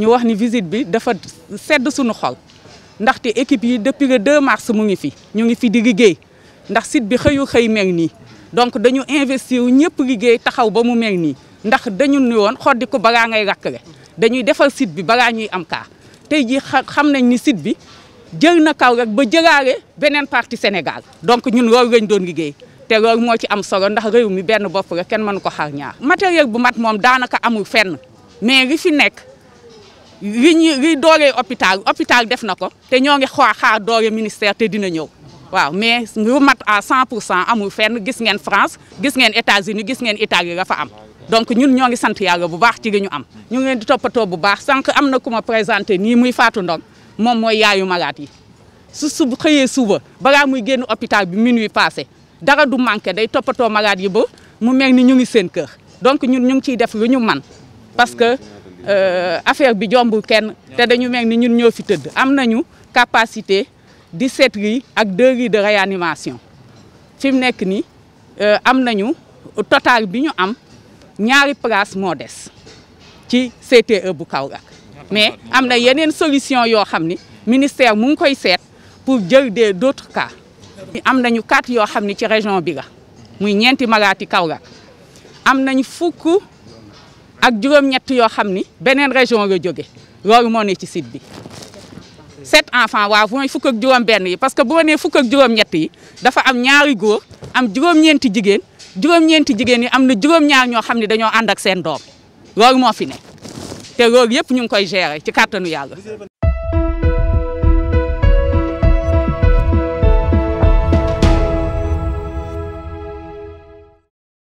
ñu wax ni visite bi dafa sedd suñu xol ndaxte équipe yi depuis le 2 mars mu ngi fi ñu ngi fi di liggéey ndax site bi xëyu xëy mel nii donc dañu investir ñëpp liggéey taxaw ba mu mel nii ndax dañu ni woon xoddi ko balaa ngay rakkale dañuy defal site bi balaa ñuy am kaa tey jii xam nañ ni site bi jël na kaw rek ba jëlaale beneen partie Sénégal donc ñun loolu lañ doon liggéey te loolu moo ci am solo ndax réew mi benn bopp rek kenn mënu ko xar ñaar matériel bu mat moom daanaka amul fenn yi ñu yi dooree hôpital hôpital def nako té te ñoo xaar xaar doore ministère té dina ñew waaw mais lu mat à 100 pour amul fenn gis ngeen France gis ngeen États-Unis gis ngeen Italie la fa am donc ñun ñoo ngi sant yàlla bu baax ci li ñu am ñu ngi leen di topato bu baax sank amna kuma ku ma présenté nii muy Fatou Ndong mom moy yaayu malade yi su su xëyee suba nga muy génn hôpital bi minuit passé dara du manqué day topato malade yi bu mu mel ni ñu ngi seen kër donc ñun ñu ngi ciy def lu ñu man parce que Euh, afer bidyon bou ken, te den yon men ni yon nyo fited. Am nan yon kapasite 17 ri ak 2 ri de reanimasyon. Fim nek ni, euh, am nan yon, o total bi yon am, nyan ripras modes ki CTE bou kawrak. Me, am nan yon en solisyon yon hamni, minister moun kweyset, pou djerde doutre ka. Am nan yon kat yon hamni ki rejan bila, mwen nyen ti malati kawrak. Am nan yon fuku ak juróom-ñett yoo xam ni beneen région la jóge loolu moo ne ci site bi sept enfants waaw mooy fukk ak juróom-benn yi parce que boo nee fukk ak juróom-ñett yi dafa am ñaari góor am juróom-ñeenti jigéen juróom-ñeenti jigéen yi am na juróom-ñaar ñoo xam ne dañoo ànd ak seen doom loolu moo fi ne te loolu yëpp ñu ngi koy gérer ci kàttanu yàlla.